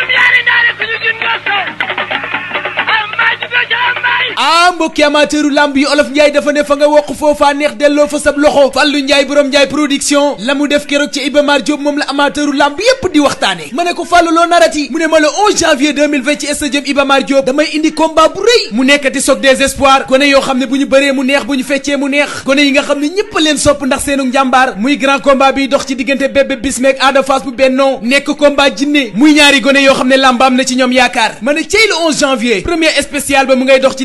juróom-ñaari daara ku ñu gën nga sow ah mbokki amateuru lamb yi olof njaay dafa ne fa nga wokk foofa neex delloo fa sab loxo fàllu njaay borom njaay production la mu def keroog ci Iba Mar Diop moom la amateuru lamb yépp di waxtaane ma ne ko fàllu loo narati mu ne ma le 11 janvier 2020 ci stadium Iba Mar Diop damay indi combat bu rëy mu nekkati soog des gone yoo xam ne bu ñu bëree mu neex bu ñu feccee mu neex gone yi nga xam ne ñépp a leen sopp ndax seenu njàmbaar muy grand combat bi dox ci diggante bébé bismeek aada faas bu bennoo nekk combat muy ñaari gone yoo xam ne lambaam na ci ñoom yaakaar ma ne cey le 11 ngay dox ci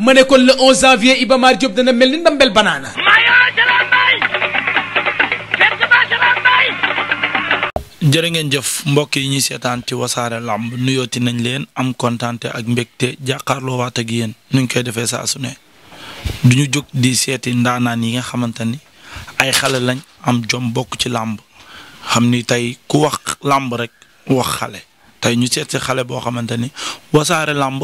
ma ne kon le 11 janvier dana mel ni ndambel banaana. jër ngeen jëf mbokk yi ñuy seetaan ci wasaare làmb nuyooti nañ leen am kontaante ak mbégte jàkkaarloo waat ak yéen nuñ koy defee saa su ne du ñu jóg di seeti ndaanaan yi nga xamante ni ay xale lañ am jom bokk ci làmb xam ni tey ku wax làmb rek wax xale tey ñu seet xale boo xamante ni wasaare làmb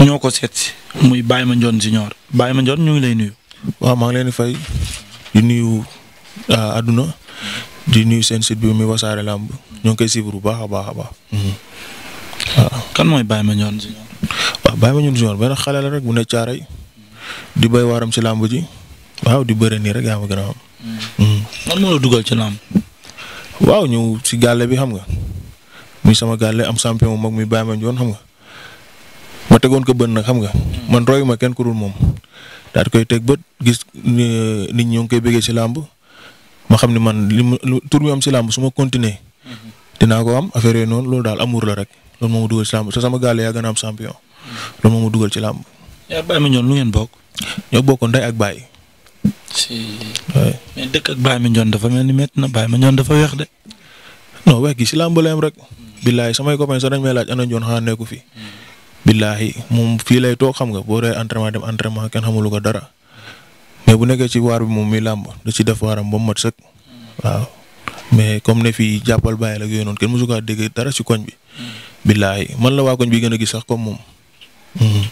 ñoo ko seet si muy ma Baye Mandione Junior ma Mandione ñu ngi lay nuyu. waaw maa ngi leen di fay di nuyu ah, àdduna di nuyu seen site bi muy wasaare làmb ñoo ngi koy suivre bu baax a baax a baax. Mhm. Ah. kan mooy Baye Mandione Junior. waaw Baye Mandione Junior xale la rek bu ne caaray di bay waaram ci làmb ji waaw di bëre nii rek yaa ma gën a am. Mhm. Mhm. lan dugal ci làmb. waaw ñëw si bi xam nga muy sama gàlle am champion mu mag mi Baye Mandione xam nga. ma tegoon ko bët nag xam nga. Hmm. man ma kenn ku moom daal di koy teg bët gis nit ñi ñoo ngi koy bëggee si làmb ma xam ne man li mu tur bi am si làmb suma ma continuer hmm. dinaa ko am affaire yooyu noonu loolu daal amour la rek loolu moo ma dugal si làmb sama gaal yaa gën a am hmm. dugal ci làmb. lu ngeen bokk. ñoo bokkoon ndey ak baay. si mais dëkk ak Baye Mandione dafa mel ni métti na Baye Mandione dafa weex de. non weex gi si làmb la rek. billaay samay copains sax dañ may laaj ana Ndione xanaa nekku fi. billaahi moom fii lay toog xam nga boo dee entraînement dem entraînement kenn xamulu ko dara mais bu nekkee ci waar bi moom mi làmb da ci def waaram ba mu mat sëkk waaw mais comme ne fi jàppal bàyyi la yooyu noonu kenn mësu ko dara ci koñ bi. billaahi man la waa koñ bi gën a gis sax comme moom. Hmm.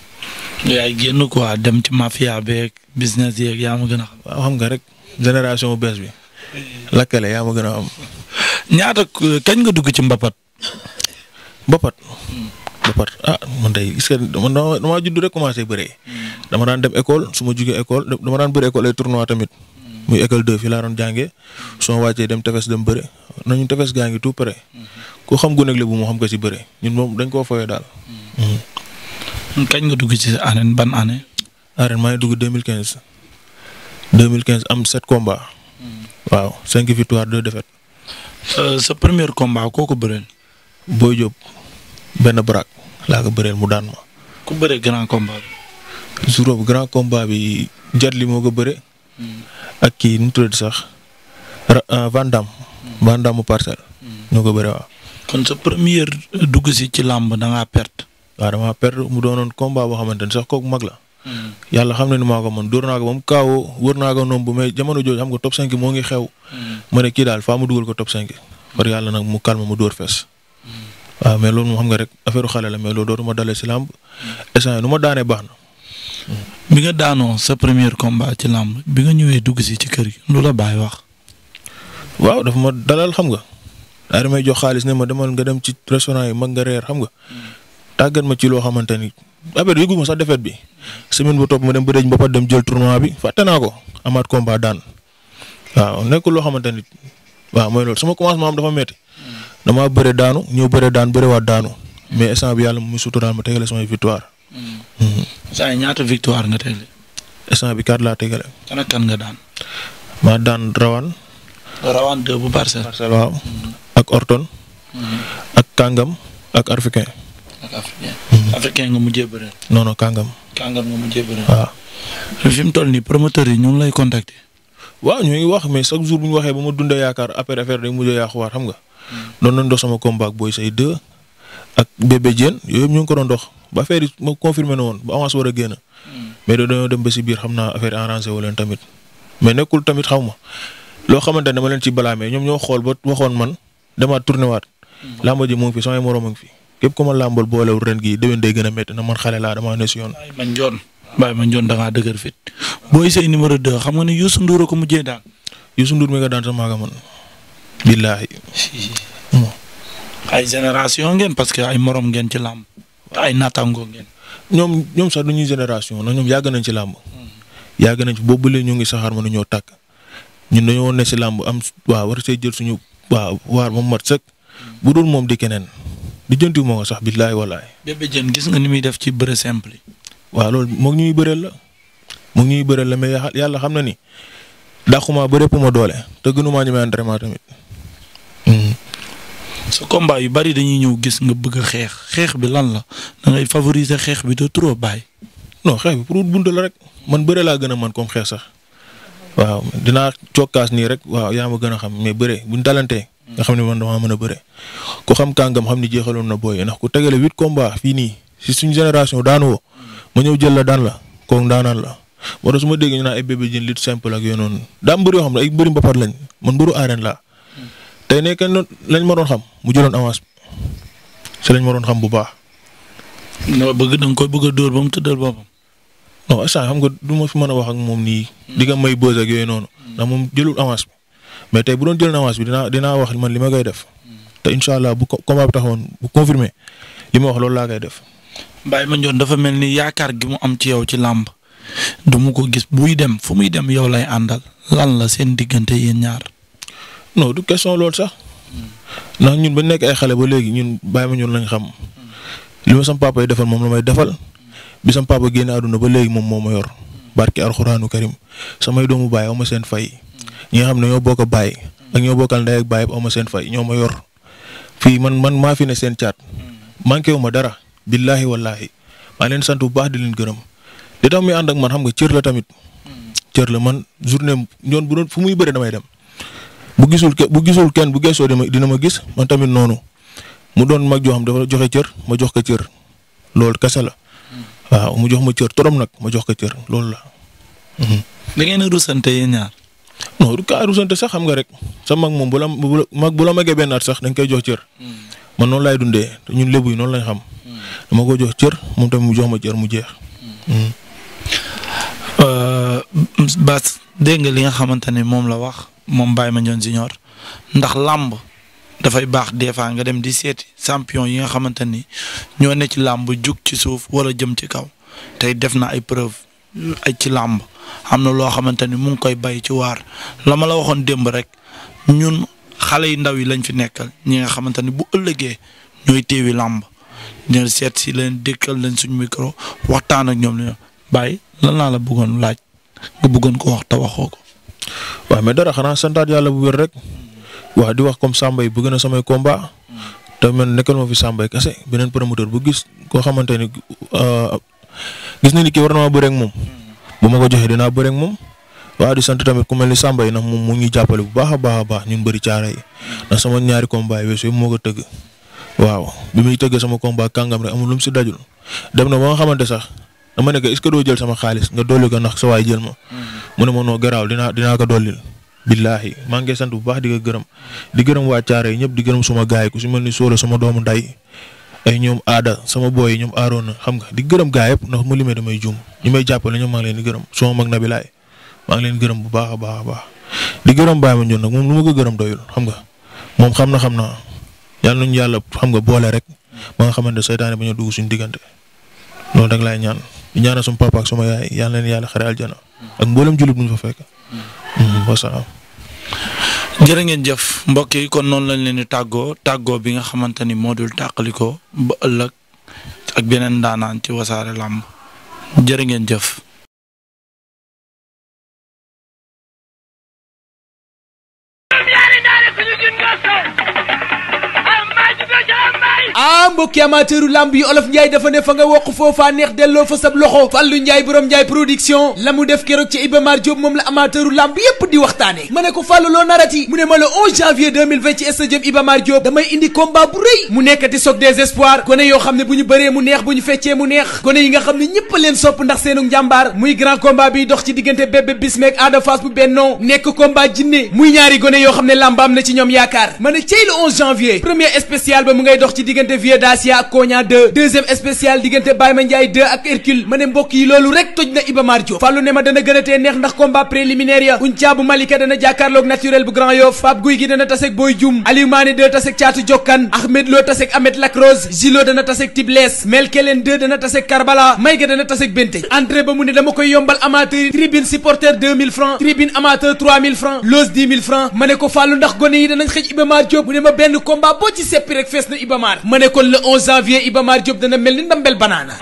yaay génn quoi dem ci mafia beeg business yeeg yaa ma gën a xam. waaw xam nga rek génération bees bi lakkale yaa ma gën a am. ñaata kañ nga dugg ci mbapat. mbapat. Hmm. départ ah man day est-ce que man damaa judd rek commencé bëree. Hmm. dama daan dem école su ma jugee école dama daan bëri école ay tournoi tamit. Hmm. muy école 2 fii laa doon jàngee hmm. su ma wàccee dem tefes dem bëri nañu tefes gaa ngi tout près ku xam gu nekk la bu moo xam ko si bëri ñun moom dañ koo foyee daal. kañ nga dugg ci arène ban année. arène maa ngi dugg 2015 2015 am 7 combats. waaw 5 victoires 2 défaites. Euh, sa premier combat koo bëreel. Boy Diop. benn baraag laa ko bëreel mu daan ma. ku bëree grand combat bi. jour bi jat li moo ko bëre. Hmm. ak kii nu mu tuddati sax euh, Vandam. Hmm. Vandam mu parcelle. Hmm. ñoo ko bëre waaw. kon sa première dugg si ci làmb da ngaa perte. waaw damaa perte mu doonoon combat boo xamante ne sax kooku mag la. yàlla xam na ni maa ko mën dóor naa ko ba mu kaawoo wër naa ko noonu bu may jamono jooju xam ko top 5 moo ngi xew. ma ne kii daal faa mu dugal ko top 5. par yàlla nag mu calme mu door fees. waaw ah, mais loolu moom xam nga rek affaire xale la mais loolu dootuma dalee si làmb instant nu ma daanee baax na. bi nga daanoo sa premier combat ci làmb bi nga ñëwee dugg si ci kër gi lu la bàyyi wax. waaw dafa ma dalal xam nga daa damay jox xaalis ne ma demal nga dem ci restaurant yi mag nga reer xam nga tàggat ma ci loo xamante ni affaire yëgu ma sax defeet bi semaine bu topp ma dem ba dëj ba dem jël tournoi bi fàtte naa ko amaat combat daan waaw nekkul loo xamante ni waaw mooy loolu sama commencement am damaa bëre daanu ñëw bëre daan bëre waat daanu mais instant bi yàlla mu suturaal ma tegale samay victoire. Hmm. saa ñaata victoire nga tegale. instant bi quatre laa tegale. kan ak kan nga daan. maa daan rawaan. rawaan deux bu parcelle. parcelle waaw hmm. ak Orton. Hmm. ak Kangam ak Africain. ak noonu Africain Kangam. Kangam nga mujjee bëre. waaw. fi mu toll nii promoteur yi ñoom lay contacter. waaw ñu ngi wax mais chaque jour bu waxee ba ma dundee yaakaar après affaire day mujj a yàquwaat xam nga. noonu nañ dox sama combat ak Boy Say 2 ak Bébé Diène yooyu yëpp ngi ko doon dox ba affaire yi ma confirmé na woon ba avance war a génn. mais dañoo dem ba si biir xam naa affaire arrangé wu leen tamit mais nekkul tamit xaw ma loo xamante ne dama leen ci balaamee ñoom ñoo xool ba waxoon man demaat tourné waat. làmba ji mu ngi fi samay morom mu ngi fi képp ku ma làmbal boolewul ren gii a métti na man xale laa damaa ne si yoon. Baye Mandione Baye Mandione da ngaa dëgër fit Boy Seye numéro 2 xam nga ne Youssou Ndour ko mujjee daan. Youssou Ndour mi nga daan sama man. billaahi. ay génération ngeen parce que ay moroom ngeen ci làmb. ay naataango ngeen. ñoom ñoom sax du ñuy génération na ñoom yàgg nañ ci làmb. yàgg nañ ci boobu léegi ñu ngi saxaar mënu ñoo tàkk ñun dañoo ne si làmb am waa war see jël suñu waa waar moom mat sëkk. bu dul moom di keneen. di jëntu moo sax billaay walaay. Bébé gis nga ni muy def ci bëre simple waaw loolu moog ñuy bëreel la. moog ñuy bëreel la mais yàlla xam na ni dàqu maa bërepp doole te gënu maa ñemee entraînement tamit. sa combat yu bari dañuy ñëw gis nga bëgg a xeex xeex bi lan la da favorise favoriser xeex bi de trop bàyyi. non xeex bi pour bunt la rek man bëre laa gën a man comme xeex sax waaw dinaa cokkaas nii rek waaw yaa ma gën a xam mais bëre buñ talantee nga xam ne man damaa mën a bëre ku xam kàngam xam ni jeexaloon na booy ndax ku tegale huit combat fii nii si suñ génération daanu woo ma ñëw jël la daan la kooku daanaan la moo tax su ma déggee ñu naan ay bébé jën lit simple ak yooyu noonu daa mbër yoo xam ne ay mbëri mbapat lañ man mbëru arène laa tey ne kenn lañ ma doon xam mu jëloon avance si lañ ma doon xam bu baax. non bëgg da nga koy bëgg a dóor ba mu tëddal boppam. non xam nga du ma fi mën a wax ak moom nii. Mm. di nga may bës yooyu noonu. Mm. ndax moom jëlul avance bi mais tey bu doon jël avance bi dina dinaa wax man li ma koy def. Mm. te incha allah bu combat bi taxawoon bu confirmé li ma wax loolu laa koy def. ma Mandione dafa mel ni yaakaar gi mu am ci yow ci làmb du mu ko gis buy dem fu muy dem yow lay àndal lan la seen diggante yéen ñaar. no du question loolu sax ndax ñun ba nekk ay xale ba léegi ñun bàyyi ma ñun lañ xam li ma sam papa yi defal moom la may defal bi sam papa génne àdduna ba léegi moom moo ma yor barki alxuraanu karim samay doomu baay aw ma seen fay nga xam ne ñoo bokk a baay ak ñoo bokkal ndey ma seen fay ñoo ma yor fii man man maa fi ne seen caat manqué wu ma dara billaahi wallaahi maa leen sant bu baax di leen gërëm li tax muy ànd ak man xam nga cër la tamit cër la man journée ñoon bu doon fu muy bëre damay dem bu gisul ke bu gisul kenn bu geesoo dina ma gis man tamit noonu mu doon mag joo xam dafa joxe cër ma jox ko cër loolu kese la waaw mu jox ma cër torom nag ma jox ka cër loolu la. Mhm. da ngeen a rusante yéen ñaar. du kaa sax xam nga rek sa mag moom bu mag bu la sax dañ koy jox cër. Mm. man noonu laay dundee ñun lébu yi noonu lañ xam. Mm. dama ko jox cër moom tamit mu jox ma cër mu jeex. Mm. Euh, Bass dégg nga li nga xamante ne moom la wax. moom Baye Mandione Junior ndax làmb dafay baax des fois nga dem di seeti champion yi nga xamante ni ñoo ne ci làmb jug ci suuf wala jëm ci kaw tey def na ay preuve ay ci làmb am na loo xamante ni mu ngi koy bay ci waar la ma la waxoon démb rek ñun xale yu ndaw yi lañ fi nekkal ñi nga xamante ni bu ëllëgee ñooy teewi làmb ñu seet si leen dëkkal leen suñu micro waxtaan ak ñoom la Baye lan naa la bëggoon laaj nga bëggoon ko wax te waxoo ko. waaw mais dara xanaa santaat yàlla bu wér rek waaw di wax comme Samba yi bëgg na samay combat te man nekkal ma fi Samba beneen promoteur bu gis koo xamante ni euh, gis na ni kii war na moom bu ma ko joxee dinaa bëre moom waaw di sant tamit ku mel ni Samba yi ndax moom mu ñuy jàppale bu baax a baax a baax ñun bëri caara yi ndax sama ñaari combat yi weesu yëpp moo ko tëgg waaw bi muy tëgg sama combat kàngam rek amul lum si dajul dem na ba nga xamante sax dama ne ko est doo jël sama xaalis nga dolli ko ndax sa waay jël ma. Mm-hmm. mu ne ma noo garaaw dinaa dinaa ko dollil. billaahi maa ngi sant bu baax di ko gërëm di gërëm waa Thiaré ñëpp di gërëm suma gaay ku si mel ni sama doomu nday ay ñoom aada sama booy ñoom aaroon na xam nga di gërëm gaa yëpp ndax mu limee damay juum ñi may jàppale ñoom maa ngi leen di gërëm sama mag na bi maa ngi leen gërëm bu baax a baax a baax di gërëm Baye Mandione nag moom lu ma ko gërëm doyul xam nga moom xam na xam na yàlla nañu yàlla xam nga boole rek ba nga xamante seytaane ba ñu dugg suñu diggante loolu rek laay ñaan. di ñaanal sama papa ak sama yaay yal na leen yàlla xare aljana ak mboolem jullit bu ñu fa fekk. Mm-hmm. wasalaam. ngeen jëf mbokk yi kon noonu lañ leen di tàggoo tàggoo bi nga xamante ni moo dul tàqalikoo ba ëllëg ak beneen daanaan ci wasaare làmb jërë jëf. mbokki amateuru lamb yi olof njaay dafa ne fa nga woq foofaa neex delloo fa sab loxo fàllu njaay borom njaay production la mu def keroog ca Iba Mar Diop moom la amateuru lamb yépp di waxtaane ma ne ko fàllu loo narati mu ne ma le 11 janvier 2020 ci stade Iba Mar Diop damay indi combat bu rëy mu nekkati soog des gone yoo xam ne bu ñu bëree mu neex bu ñu feccee mu neex gone yi nga xam ne ñépp leen sopp ndax seenu njàmbaar muy grand combat bi dox ci diggante bébé bismeek Ada Fass bu bennoo nekk yoo xam ne lamb am na ci ñoom yaakaar ma ne cey le 11 janvier premier spécial ba mu Dacia Koña 2 deuxième spécial diggante Baye Mandiaye 2 ak Hercule ma ne mbokk yi loolu rek toj na Iba Mar Diop ne ma dana gën neex ndax combat préliminaire ya Unca bu Malika dana jàkkaarloog naturel bu Grand Yoff Pape Guy gi dana tasek Boy Dioum Aliou Mané 2 Caatu Jokkan Ahmed Lo tasek Ahmed Lacrose Gilo dana tasek Tibles Melkelen 2 dana tasek Karbala Mayga dana tasek Bente entrée ba mu ne dama koy yombal le 11 janvier Iba Mar Diop dana mel ni ndambel banaana